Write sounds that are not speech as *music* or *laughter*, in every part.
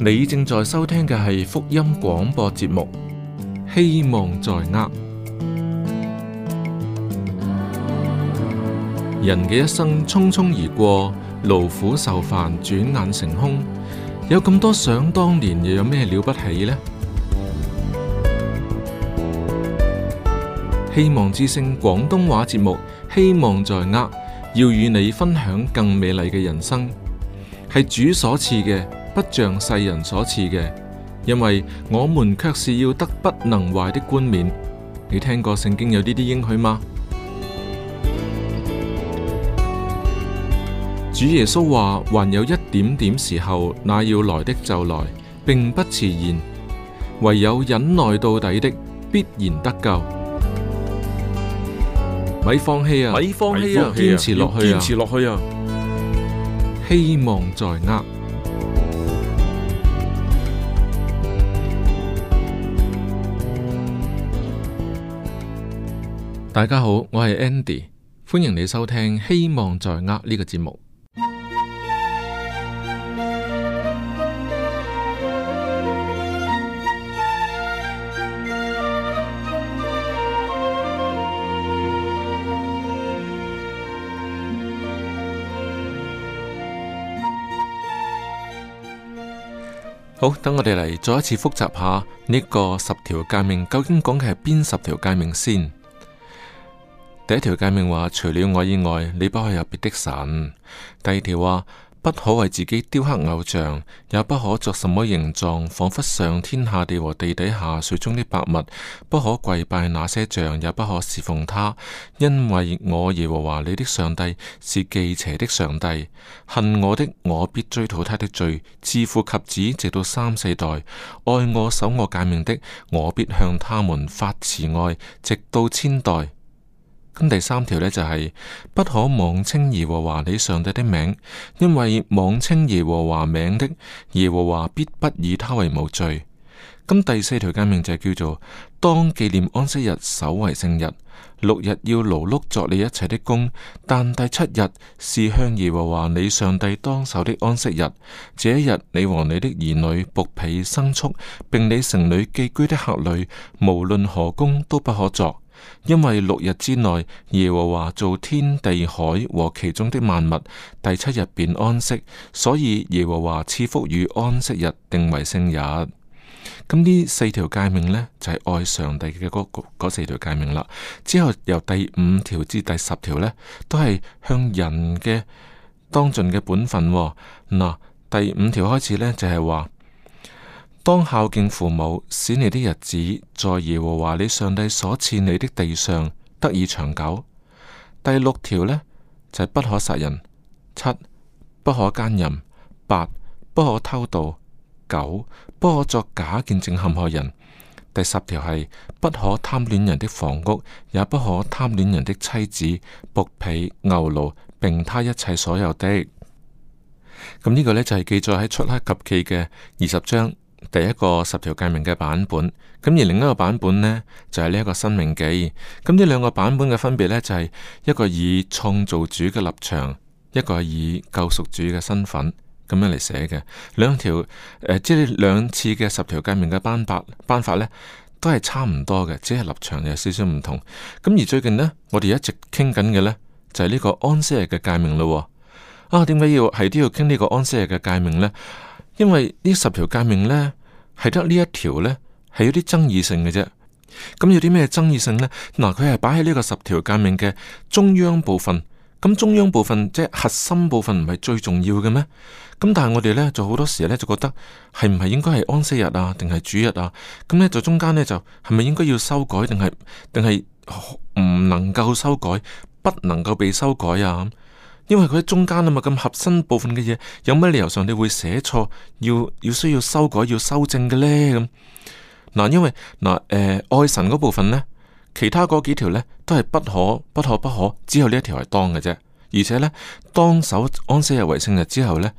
你正在收聽嘅係福音廣播節目，希望在握。人嘅一生匆匆而過，勞苦受煩，轉眼成空。有咁多想當年，又有咩了不起呢？希望之聲廣東話節目，希望在握，要與你分享更美麗嘅人生，係主所賜嘅。不像世人所賜嘅，因為我們卻是要得不能壞的冠冕。你聽過聖經有呢啲應許嗎？主耶穌話：還有一點點時候，那要來的就來，並不遲延。唯有忍耐到底的，必然得救。咪放棄啊！咪放棄啊！堅持落去啊！堅持落去啊！希望在握。大家好，我係 Andy，歡迎你收聽《希望在握》呢個節目。好，等我哋嚟再一次復習下呢個十條誡命，究竟講嘅係邊十條誡命先？第一條誡命話：除了我以外，你不可以有別的神。第二條話：不可為自己雕刻偶像，也不可作什麼形狀，仿佛上天下地和地底下水中的百物，不可跪拜那些像，也不可侍奉他，因為我耶和華你的上帝是忌邪的上帝。恨我的，我必追討他的罪，自父及子，直到三四代；愛我、守我誡命的，我必向他們發慈愛，直到千代。咁第三條呢、就是，就係不可妄稱耶和華你上帝的名，因為妄稱耶和華名的，耶和華必不以他為無罪。咁第四條誡命就叫做當紀念安息日，守為聖日。六日要勞碌作你一切的工，但第七日是向耶和華你上帝當守的安息日。這一日你和你的兒女、僕婢、牲畜，並你城裏寄居的客旅，無論何工都不可作。因為六日之內，耶和華造天地海和其中的萬物，第七日便安息，所以耶和華賜福與安息日，定為聖日。咁呢四條誡命呢，就係、是、愛上帝嘅嗰四條誡命啦。之後由第五條至第十條呢，都係向人嘅當盡嘅本分、哦。嗱，第五條開始呢，就係、是、話。當孝敬父母，使你的日子在耶和華你上帝所賜你的地上得以長久。第六條呢就係、是、不可殺人；七不可奸淫；八不可偷盜；九不可作假見證陷害人。第十條係不可貪戀人的房屋，也不可貪戀人的妻子、僕婢、牛驢，並他一切所有的。咁呢個呢，就係、是、記載喺出埃及記嘅二十章。第一個十條誡命嘅版本，咁而另一個版本呢，就係呢一個申命記，咁呢兩個版本嘅分別呢，就係一個以創造主嘅立場，一個以救贖主嘅身份咁樣嚟寫嘅。兩條誒，即係兩次嘅十條誡命嘅班法班法呢都係差唔多嘅，只係立場有少少唔同。咁而最近呢，我哋一直傾緊嘅呢，就係呢個安息日嘅誡命咯。啊，點解要係都要傾呢個安息日嘅誡命呢？因為呢十條誡命呢，係得呢一條呢，係有啲爭議性嘅啫。咁有啲咩爭議性呢？嗱，佢係擺喺呢個十條誡命嘅中央部分。咁中央部分即係核心部分，唔係最重要嘅咩？咁但係我哋呢，就好多時呢，就覺得係唔係應該係安息日啊，定係主日啊？咁呢，就中間呢，就係咪應該要修改，定係定係唔能夠修改，不能夠被修改啊？因為佢喺中間啊嘛，咁核心部分嘅嘢有乜理由上你會寫錯，要要需要修改，要修正嘅呢？咁嗱，因為嗱誒、呃、愛神嗰部分呢，其他嗰幾條呢都係不可不可不可，只有呢一條係當嘅啫。而且呢，當守安息日為聖日之後呢，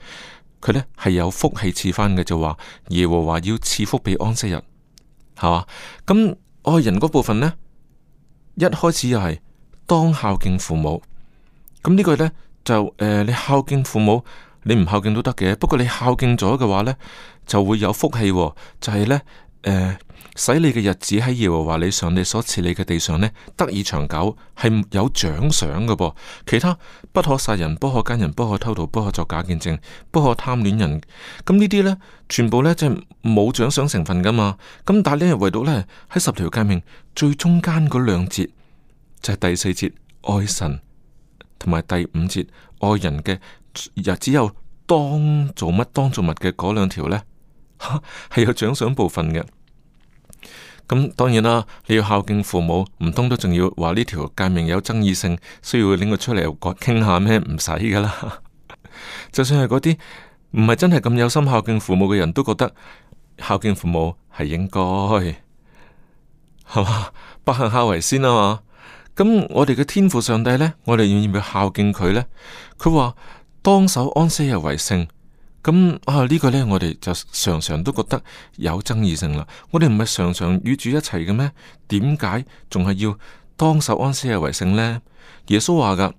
佢呢係有福氣賜翻嘅，就話耶和華要賜福俾安息日係嘛。咁愛人嗰部分呢，一開始又係當孝敬父母咁呢句呢。就誒、呃，你孝敬父母，你唔孝敬都得嘅。不過你孝敬咗嘅話呢，就會有福氣、哦。就係、是、呢，誒、呃，使你嘅日子喺耶和華你上你所賜你嘅地上呢，得以長久，係有獎賞嘅噃。其他不可殺人，不可奸人，不可偷盜、不可作假見證，不可貪戀人。咁呢啲呢，全部呢，即係冇獎賞成分噶嘛。咁但係呢，唯獨呢，喺十條誡命最中間嗰兩節，就係、是、第四節愛神。同埋第五節愛人嘅又只有當做乜當做物嘅嗰兩條呢，係 *laughs* 有獎賞部分嘅。咁當然啦，你要孝敬父母，唔通都仲要話呢條誡命有爭議性，需要拎佢出嚟傾下咩？唔使噶啦。 *laughs* 就算係嗰啲唔係真係咁有心孝敬父母嘅人都覺得孝敬父母係應該，係嘛？百行孝為先啊嘛！咁我哋嘅天父上帝呢，我哋要唔要孝敬佢呢？佢話當守安息日為聖，咁啊呢個呢，我哋就常常都覺得有爭議性啦。我哋唔係常常與主一齊嘅咩？點解仲係要當守安息日為聖呢？耶穌話噶，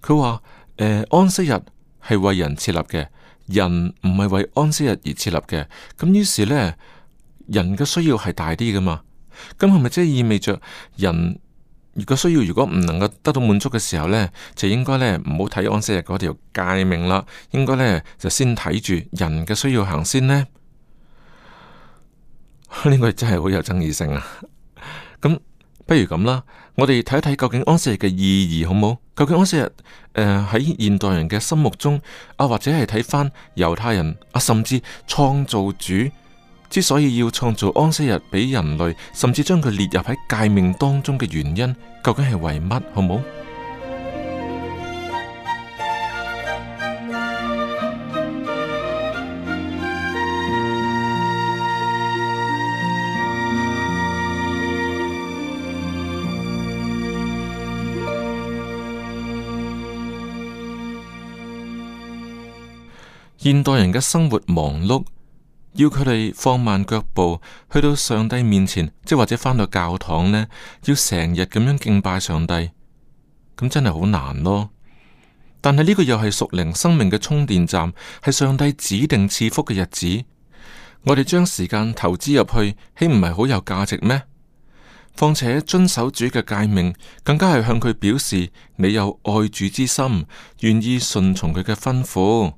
佢話誒安息日係為人設立嘅，人唔係為安息日而設立嘅。咁於是呢，人嘅需要係大啲噶嘛？咁係咪即係意味著人？如果需要，如果唔能夠得到滿足嘅時候呢，就應該呢唔好睇安息日嗰條誡命啦，應該呢就先睇住人嘅需要行先呢。呢 *laughs* 個真係好有爭議性啊！咁 *laughs* 不如咁啦，我哋睇一睇究竟安息日嘅意義好冇？究竟安息日誒喺，呃、現代人嘅心目中啊，或者係睇返猶太人啊，甚至創造主？之所以要創造安息日俾人類，甚至將佢列入喺誡命當中嘅原因，究竟係為乜？好唔好？現代人嘅生活忙碌。要佢哋放慢腳步去到上帝面前，即或者返到教堂呢，要成日咁樣敬拜上帝，咁真係好難咯。但係呢個又係屬靈生命嘅充電站，係上帝指定賜福嘅日子，我哋將時間投資入去，豈唔係好有價值咩？況且遵守主嘅誡命，更加係向佢表示你有愛主之心，願意順從佢嘅吩咐，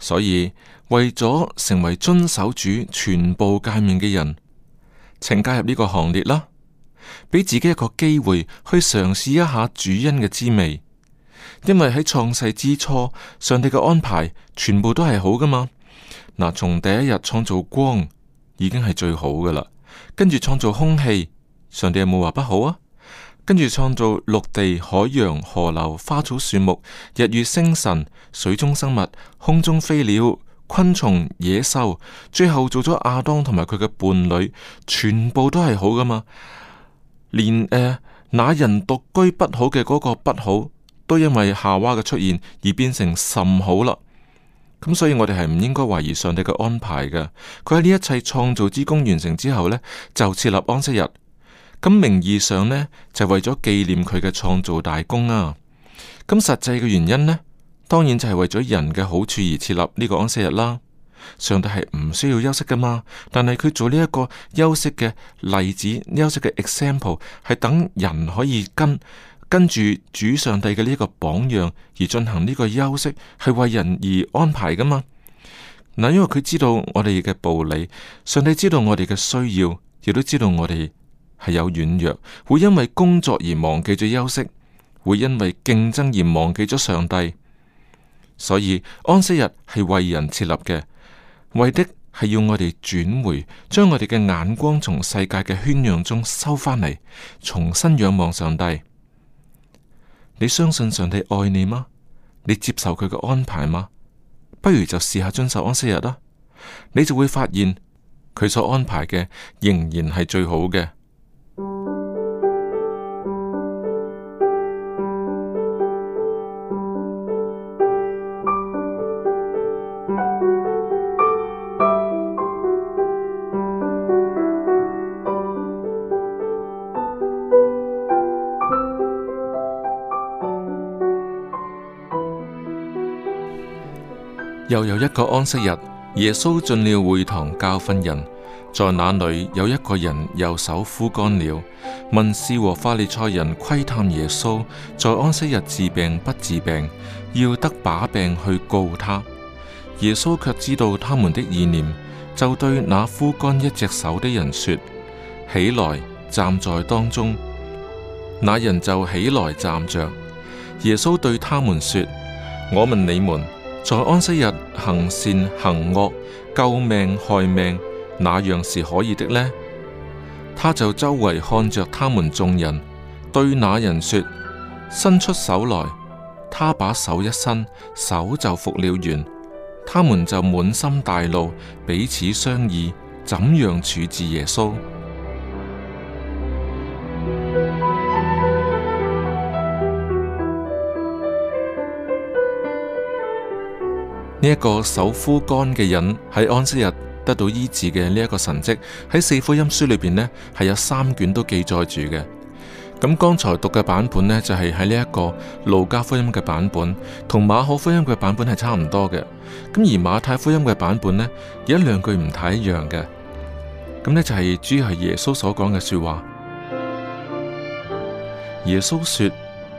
所以。為咗成為遵守主全部誡命嘅人，請加入呢個行列啦，畀自己一個機會去嘗試一下主恩嘅滋味。因為喺創世之初，上帝嘅安排全部都係好噶嘛。嗱，從第一日創造光已經係最好噶啦，跟住創造空氣，上帝有冇話不好啊？跟住創造陸地、海洋、河流、花草、樹木、日月星辰、水中生物、空中飛鳥。昆蟲、野獸，最後做咗亞當同埋佢嘅伴侶，全部都係好噶嘛？連呃、那人獨居不好嘅嗰個不好，都因為夏娃嘅出現而變成甚好啦。咁所以，我哋係唔應該懷疑上帝嘅安排嘅。佢喺呢一切創造之功完成之後呢，就設立安息日。咁名義上呢，就是、為咗紀念佢嘅創造大功啊。咁實際嘅原因呢？當然就係為咗人嘅好處而設立呢個安息日啦。上帝係唔需要休息噶嘛？但係佢做呢一個休息嘅例子、休息嘅 example，係等人可以跟跟住主上帝嘅呢個榜樣而進行呢個休息，係為人而安排噶嘛？嗱，因為佢知道我哋嘅暴戾，上帝知道我哋嘅需要，亦都知道我哋係有軟弱，會因為工作而忘記咗休息，會因為競爭而忘記咗上帝。所以安息日係為人設立嘅，為的係要我哋轉回，將我哋嘅眼光從世界嘅圈養中收返嚟，重新仰望上帝。你相信上帝愛你嗎？你接受佢嘅安排嗎？不如就試下遵守安息日啦，你就會發現佢所安排嘅仍然係最好嘅。一個安息日，耶穌進了會堂教訓人，在那裏有一個人右手枯乾了，文士和法利賽人窺探耶穌在安息日治病不治病，要得把柄去告他。耶穌卻知道他們的意念，就對那枯乾一隻手的人說：起來，站在當中。那人就起來站着。耶穌對他們說：我問你們。在安息日行善行惡、救命害命，哪樣是可以的呢？他就周圍看着他們眾人，對那人說：伸出手來。他把手一伸，手就復了原，他們就滿心大怒，彼此商議怎樣處置耶穌。呢一個手枯乾嘅人喺安息日得到醫治嘅呢一個神蹟，喺四福音書裏邊呢係有三卷都記載住嘅。咁剛才讀嘅版本呢，就係喺呢一個路加福音嘅版本，同馬可福音嘅版本係差唔多嘅。咁而馬太福音嘅版本呢，有一兩句唔太一樣嘅。咁呢就係主要係耶穌所講嘅說話。耶穌說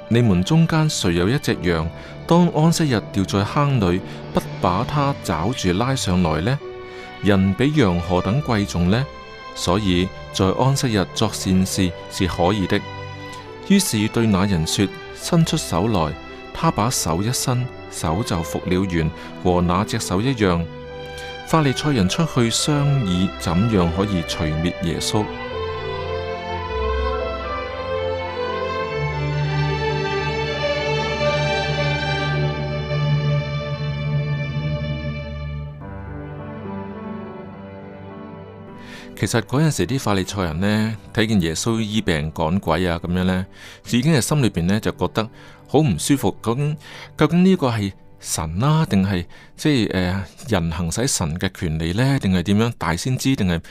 你們中間誰有一隻羊，當安息日掉在坑裡，不把它抓住拉上來呢？人比羊何等貴重呢？所以在安息日作善事是可以的。於是對那人說：伸出手來。他把手一伸，手就復了原，和那隻手一樣。法利賽人出去商議怎樣可以除滅耶穌。其實嗰陣時啲法利賽人呢，睇見耶穌醫病趕鬼啊咁樣呢，自己係心裏邊呢，就覺得好唔舒服。咁究竟呢個係神啦、啊，定係即係、呃、人行使神嘅權利呢？定係點樣大先知，定係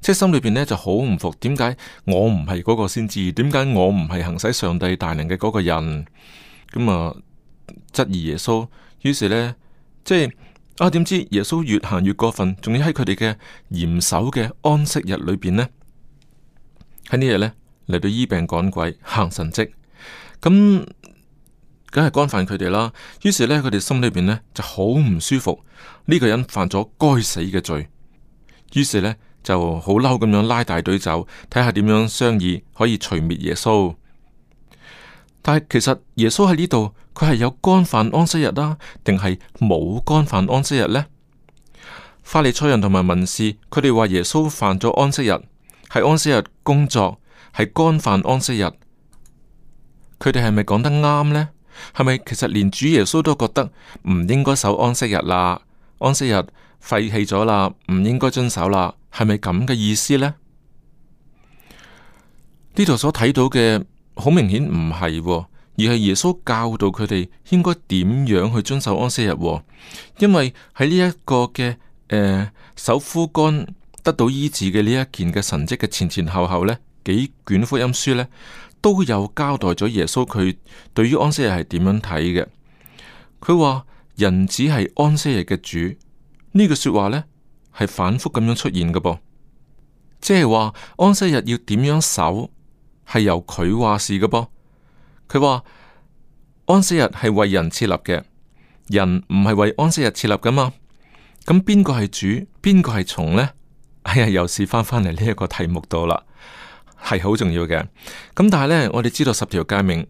即係心裏邊呢就好唔服。點解我唔係嗰個先知？點解我唔係行使上帝大靈嘅嗰個人？咁啊質疑耶穌。於是呢，即係。啊！點知耶穌越行越過分，仲要喺佢哋嘅嚴守嘅安息日裏邊呢，喺呢日呢，嚟到醫病趕鬼行神蹟，咁梗係干犯佢哋啦。於是呢，佢哋心裏邊呢就好唔舒服，呢個人犯咗該死嘅罪，於是呢就好嬲咁樣拉大隊走，睇下點樣商議可以除滅耶穌。但係其實耶穌喺呢度，佢係有干犯安息日啦、啊，定係冇干犯安息日呢？法利賽人同埋文士，佢哋話耶穌犯咗安息日，喺安息日工作，係干犯安息日。佢哋係咪講得啱呢？係咪其實連主耶穌都覺得唔應該守安息日啦？安息日廢棄咗啦，唔應該遵守啦？係咪咁嘅意思呢？呢度所睇到嘅。好明顯唔係，而係耶穌教導佢哋應該點樣去遵守安息日，哦。因為喺呢一個嘅，誒手枯乾得到醫治嘅呢一件嘅神蹟嘅前前後後，呢幾卷福音書呢都有交代咗耶穌佢對於安息日係點樣睇嘅。佢話人子係安息日嘅主，呢句說話呢係反復咁樣出現嘅噃，哦，即係話安息日要點樣守。係由佢話事嘅啵，佢話安息日係為人設立嘅，人唔係為安息日設立噶嘛，咁邊個係主，邊個係從呢？哎呀，又試翻返嚟呢一個題目度啦，係好重要嘅。咁但係呢，我哋知道十條誡命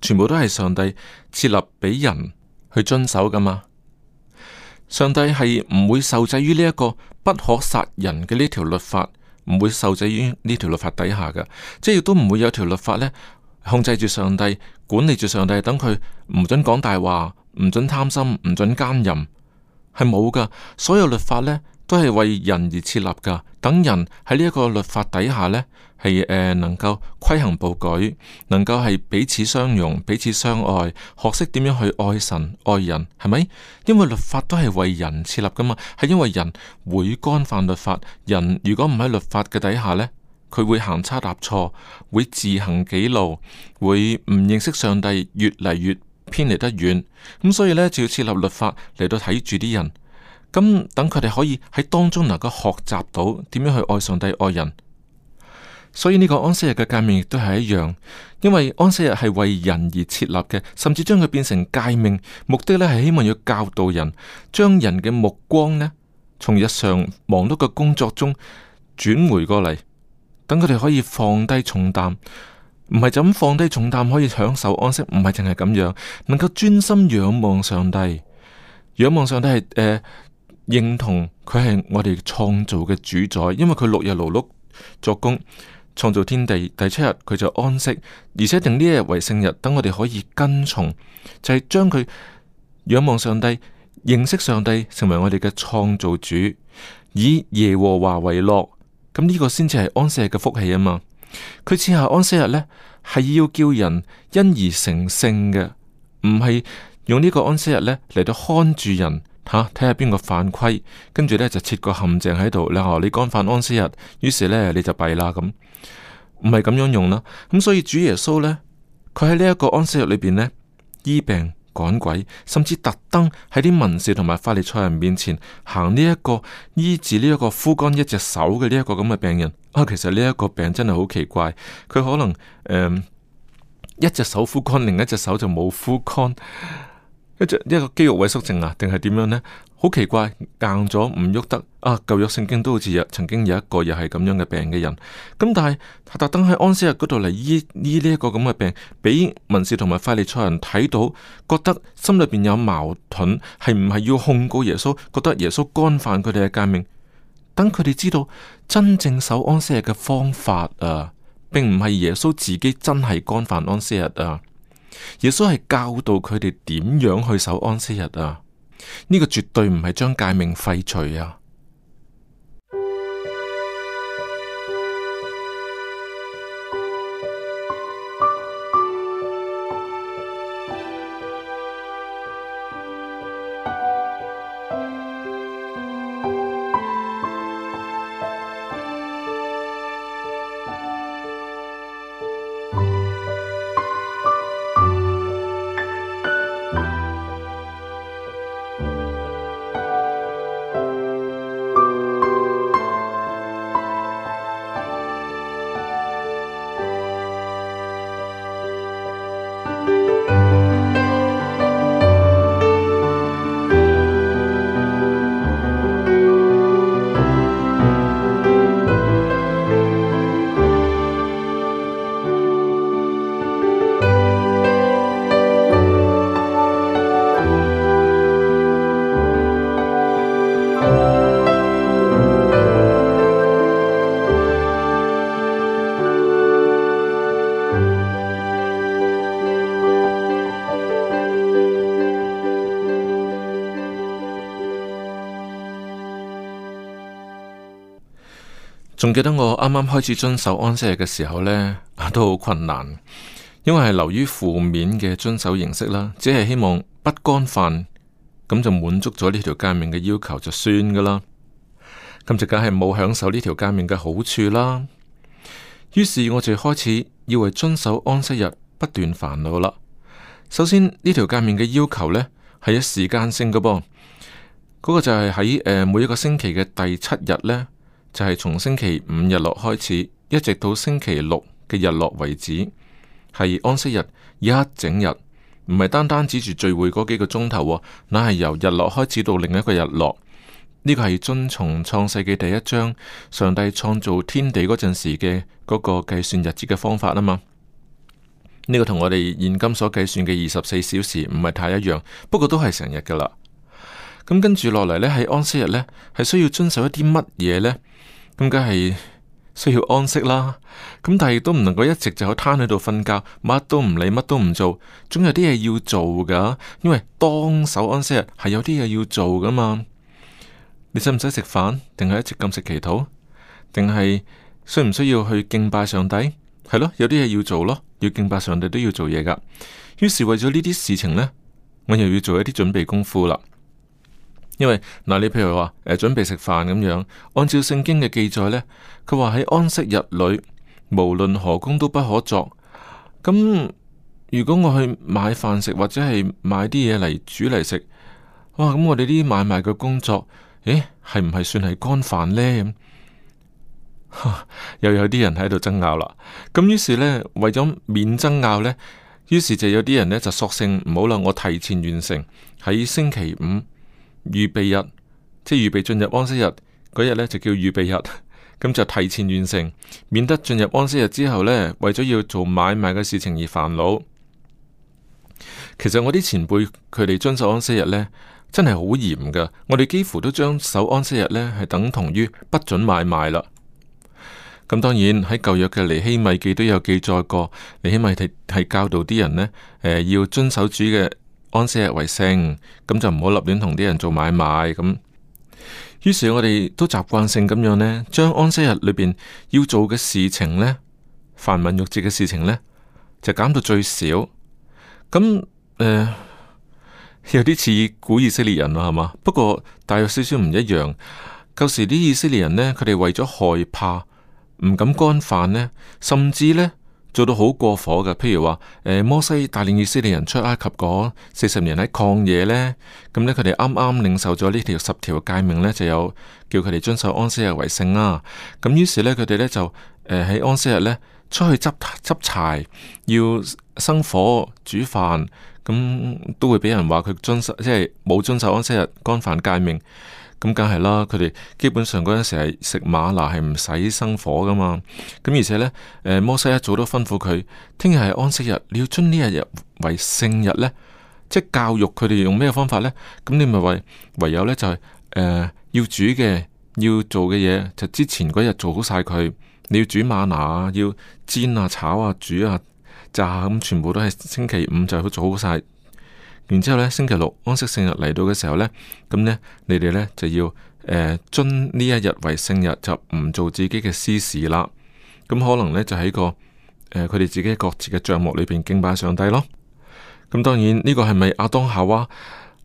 全部都係上帝設立畀人去遵守噶嘛，上帝係唔會受制於呢一個不可殺人嘅呢條律法。唔會受制於呢條律法底下嘅，即係亦都唔會有條律法呢控制住上帝，管理住上帝，等佢唔準講大話，唔準貪心，唔準奸淫，係冇噶。所有律法呢都係為人而設立噶，等人喺呢一個律法底下呢。係誒、呃，能夠規行矩步，能夠係彼此相容、彼此相愛，學識點樣去愛神、愛人，係咪？因為律法都係為人設立噶嘛，係因為人會干犯律法，人如果唔喺律法嘅底下呢，佢會行差踏錯，會自行己路，會唔認識上帝，越嚟越偏離得遠。咁所以呢，就要設立律法嚟到睇住啲人，咁等佢哋可以喺當中能夠學習到點樣去愛上帝、愛人。所以呢個安息日嘅誡命亦都係一樣，因為安息日係為人而設立嘅，甚至將佢變成誡命，目的呢係希望要教導人，將人嘅目光呢從日常忙碌嘅工作中轉回過嚟，等佢哋可以放低重擔，唔係就咁放低重擔可以享受安息，唔係淨係咁樣，能夠專心仰望上帝，仰望上帝係誒、呃、認同佢係我哋創造嘅主宰，因為佢六日勞碌作工。創造天地第七日佢就安息，而且定呢一日為聖日，等我哋可以跟從，就係將佢仰望上帝、認識上帝，成為我哋嘅創造主，以耶和華為樂。咁呢個先至係安息日嘅福氣啊嘛！佢設下安息日呢，係要叫人因而成聖嘅，唔係用呢個安息日呢嚟到看住人吓，睇下邊個犯規，跟住呢，就設個陷阱喺度，哦，你話你干犯安息日，於是呢，你就弊啦咁。唔係咁樣用啦，咁所以主耶穌呢，佢喺呢一個安息日裏邊呢，醫病趕鬼，甚至特登喺啲文士同埋法利賽人面前行呢、這、一個醫治呢一個枯乾一隻手嘅呢一個咁嘅病人。啊，其實呢一個病真係好奇怪，佢可能、呃、一隻手枯乾，另一隻手就冇枯乾，一隻一、一個肌肉萎縮症啊，定係點樣呢？好奇怪，硬咗唔喐得啊！舊約聖經都好似曾經有一個又係咁樣嘅病嘅人，咁但係特登喺安息日嗰度嚟醫呢一個咁嘅病，俾文士同埋法利賽人睇到，覺得心裏邊有矛盾，係唔係要控告耶穌？覺得耶穌干犯佢哋嘅誡命，等佢哋知道真正守安息日嘅方法啊，並唔係耶穌自己真係干犯安息日啊，耶穌係教導佢哋點樣去守安息日啊。呢個絕對唔係將界命廢除啊！仲記得我啱啱開始遵守安息日嘅時候呢，都好困難，因為係流於負面嘅遵守形式啦。只係希望不干飯，咁就滿足咗呢條誡命嘅要求就算噶啦。咁就梗係冇享受呢條誡命嘅好處啦。於是我就開始要為遵守安息日不斷煩惱啦。首先呢條誡命嘅要求呢，係有時間性噶噃，嗰、那個就係喺、呃、每一個星期嘅第七日呢。就係從星期五日落開始，一直到星期六嘅日落為止，係安息日一整日，唔係單單指住聚會嗰幾個鐘頭，那係由日落開始到另一個日落。呢個係遵從《創世記》第一章上帝創造天地嗰陣時嘅嗰個計算日子嘅方法啊嘛。呢個同我哋現今所計算嘅二十四小時唔係太一樣，不過都係成日噶啦。咁跟住落嚟呢，喺安息日呢，係需要遵守一啲乜嘢呢？咁梗係需要安息啦。咁但係亦都唔能夠一直就喺攤喺度瞓覺，乜都唔理，乜都唔做，總有啲嘢要做噶。因為當守安息日係有啲嘢要做噶嘛。你使唔使食飯？定係一直禁食祈禱？定係需唔需要去敬拜上帝？係咯，有啲嘢要做咯，要敬拜上帝都要做嘢噶。於是為咗呢啲事情呢，我又要做一啲準備功夫啦。因為嗱，你譬如話誒，準備食飯咁樣，按照聖經嘅記載呢，佢話喺安息日裏，無論何工都不可作。咁如果我去買飯食，或者係買啲嘢嚟煮嚟食，哇！咁我哋啲買賣嘅工作，誒，係唔係算係干飯呢？吓，又有啲人喺度爭拗啦。咁於是呢，為咗免爭拗呢，於是就有啲人呢就索性唔好啦，我提前完成喺星期五。預備日，即係預備進入安息日，嗰日呢就叫預備日，咁就提前完成，免得進入安息日之後呢，為咗要做買賣嘅事情而煩惱。其實我啲前輩，佢哋遵守安息日呢，真係好嚴㗎，我哋幾乎都將守安息日呢係等同於不准買賣啦。咁當然喺舊約嘅尼希米記都有記載過，尼希米提係教導啲人呢，要遵守主嘅。安息日為聖，咁就唔好立亂同啲人做買賣咁。於是我哋都習慣性咁樣呢，將安息日裏邊要做嘅事情呢，繁文縟節嘅事情呢，就減到最少。咁誒、呃，有啲似古以色列人啦，係嘛？不過大約少少唔一樣。舊時啲以色列人呢，佢哋為咗害怕，唔敢干犯呢，甚至呢。做到好過火嘅，譬如話，誒、欸、摩西帶領以色列人出埃及嗰四十年喺曠野呢。咁、嗯、呢，佢哋啱啱領受咗呢條十條誡命呢，就有叫佢哋遵守安息日為聖啦、啊。咁、嗯、於是呢，佢哋呢就誒喺、呃、安息日呢出去執執柴，要生火煮飯，咁、嗯、都會俾人話佢遵守，即係冇遵守安息日乾飯誡命。咁梗係啦，佢哋、嗯、基本上嗰陣時係食馬拿係唔使生火噶嘛。咁、嗯、而且呢，誒摩西一早都吩咐佢，聽日係安息日，你要將呢日日為聖日呢，即係教育佢哋用咩方法呢？咁你咪唯唯有呢就係、是、誒、呃、要煮嘅要做嘅嘢，就之前嗰日做好晒佢。你要煮馬拿啊，要煎啊、炒啊、煮啊、炸咁、啊，全部都係星期五就做好晒。然之後咧，星期六安息聖日嚟到嘅時候咧，咁、嗯、咧你哋咧就要誒遵呢一日為聖日，就唔做自己嘅私事啦。咁、嗯、可能咧就喺個誒佢哋自己各自嘅賬目裏邊敬拜上帝咯。咁、嗯、當然呢、這個係咪亞當夏娃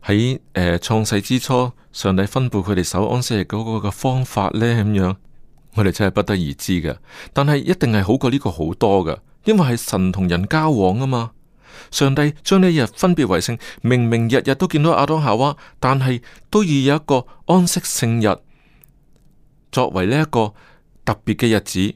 喺誒創世之初上帝分布佢哋守安息日嗰個嘅方法咧咁樣，我哋真係不得而知嘅。但係一定係好過呢個好多嘅，因為係神同人交往啊嘛。上帝將呢一日分別為聖，明明日日都見到亞當夏娃，但係都已有一個安息聖日作為呢一個特別嘅日子。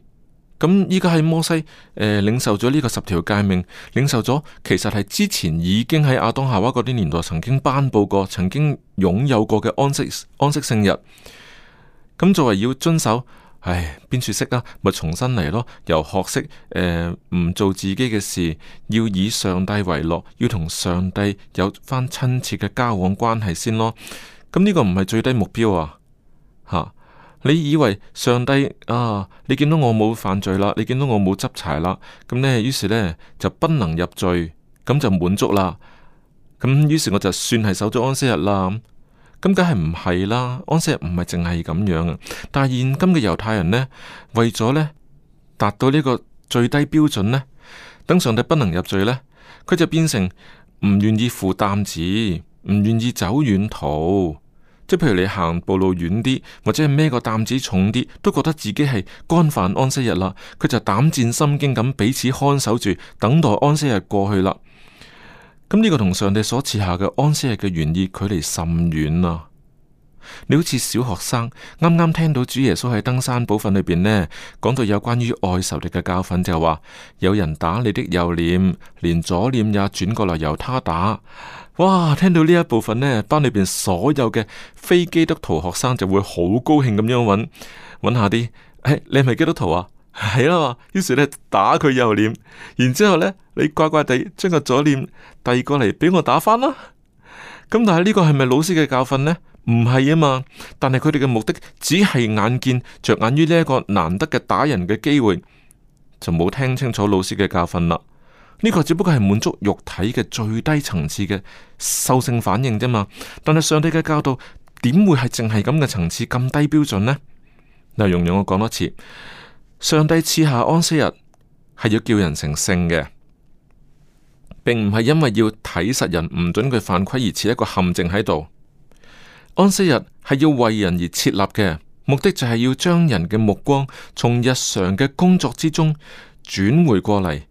咁依家喺摩西誒、呃，領受咗呢個十條誡命，領受咗其實係之前已經喺亞當夏娃嗰啲年代曾經頒布過，曾經擁有過嘅安息安息聖日。咁作為要遵守。唉，邊處識啊？咪重新嚟咯，由學識誒，唔做自己嘅事，要以上帝為樂，要同上帝有翻親切嘅交往關係先咯。咁呢個唔係最低目標啊！吓，你以為上帝啊，你見到我冇犯罪啦，你見到我冇執柴啦，咁呢，於是呢，就不能入罪，咁就滿足啦。咁於是我就算係守咗安息日啦。咁梗係唔係啦，安息日唔係淨係咁樣啊！但係現今嘅猶太人呢，為咗呢達到呢個最低標準呢，等上帝不能入罪呢，佢就變成唔願意負擔子，唔願意走遠途，即係譬如你行步路遠啲，或者係孭個擔子重啲，都覺得自己係干犯安息日啦，佢就膽戰心驚咁彼此看守住，等待安息日過去啦。咁呢個同上帝所賜下嘅安息日嘅原意距離甚遠啊！你好似小學生，啱啱聽到主耶穌喺登山寶訓裏邊呢，講到有關於愛仇敵嘅教訓，就話、是、有人打你的右臉，連左臉也轉過來由他打。哇！聽到呢一部分呢，班裏邊所有嘅非基督徒學生就會好高興咁樣揾揾下啲，誒、哎，你係咪基督徒啊？係啦，於是咧打佢右臉，然之後咧你乖乖地將個左臉遞過嚟俾我打翻啦。咁但係呢個係咪老師嘅教訓呢？唔係啊嘛。但係佢哋嘅目的只係眼見着眼於呢一個難得嘅打人嘅機會，就冇聽清楚老師嘅教訓啦。呢個只不過係滿足肉體嘅最低層次嘅獸性反應啫嘛。但係上帝嘅教導點會係淨係咁嘅層次咁低標準呢？嗱，容容我講多次。上帝賜下安息日係要叫人成聖嘅，並唔係因為要睇實人唔准佢犯規而設一個陷阱喺度。安息日係要為人而設立嘅，目的就係要將人嘅目光從日常嘅工作之中轉回過嚟，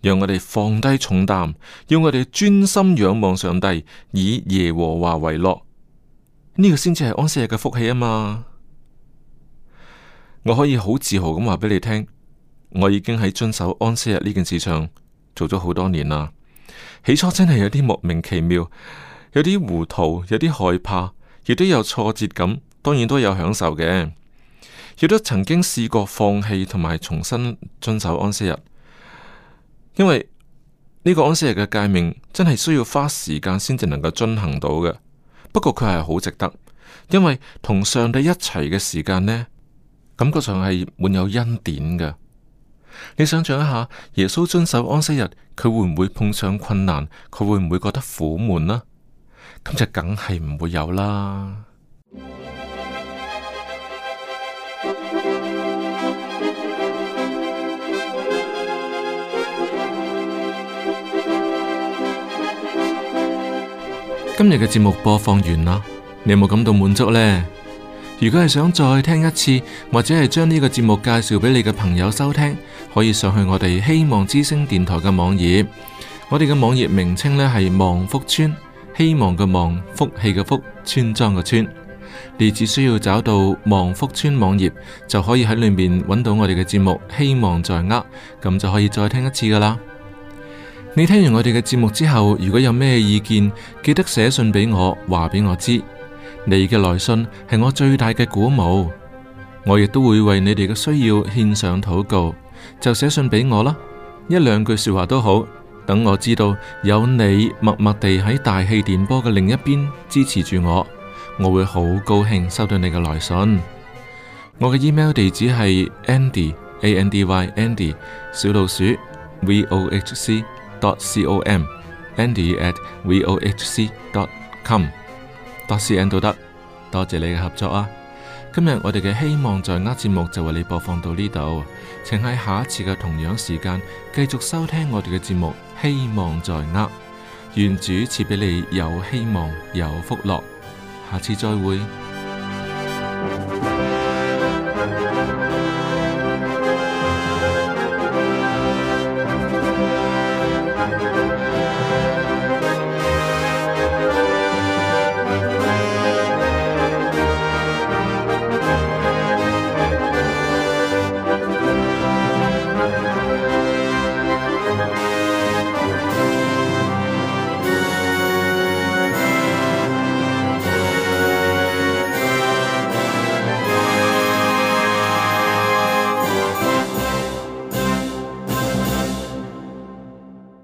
讓我哋放低重擔，要我哋專心仰望上帝，以耶和華為樂。呢個先至係安息日嘅福氣啊嘛！我可以好自豪咁話畀你聽，我已經喺遵守安息日呢件事上做咗好多年啦。起初真係有啲莫名其妙，有啲糊塗，有啲害怕，亦都有挫折感。當然都有享受嘅，亦都曾經試過放棄同埋重新遵守安息日，因為呢個安息日嘅誡命真係需要花時間先至能夠進行到嘅。不過佢係好值得，因為同上帝一齊嘅時間呢？感覺上係滿有恩典嘅。你想象一下，耶穌遵守安息日，佢會唔會碰上困難？佢會唔會覺得苦悶呢？咁就梗係唔會有啦。今日嘅節目播放完啦，你有冇感到滿足呢？如果係想再聽一次，或者係將呢個節目介紹俾你嘅朋友收聽，可以上去我哋希望之聲電台嘅網頁。我哋嘅網頁名稱呢係望福村，希望嘅望，福氣嘅福，村莊嘅村。你只需要找到望福村網頁，就可以喺裏面揾到我哋嘅節目《希望在握》，咁就可以再聽一次噶啦。你聽完我哋嘅節目之後，如果有咩意見，記得寫信俾我，話俾我知。你嘅來信係我最大嘅鼓舞，我亦都會為你哋嘅需要獻上禱告。就寫信俾我啦，一兩句說話都好。等我知道有你默默地喺大氣電波嘅另一邊支持住我，我會好高興收到你嘅來信。我嘅 email 地址係 andy a n d y andy 小老鼠 v o h c dot c o m andy at v o h c dot com。博士 and 多謝你嘅合作啊！今日我哋嘅希望在握節目就為你播放到呢度，請喺下一次嘅同樣時間繼續收聽我哋嘅節目《希望在握》，願主賜俾你有希望有福樂，下次再會。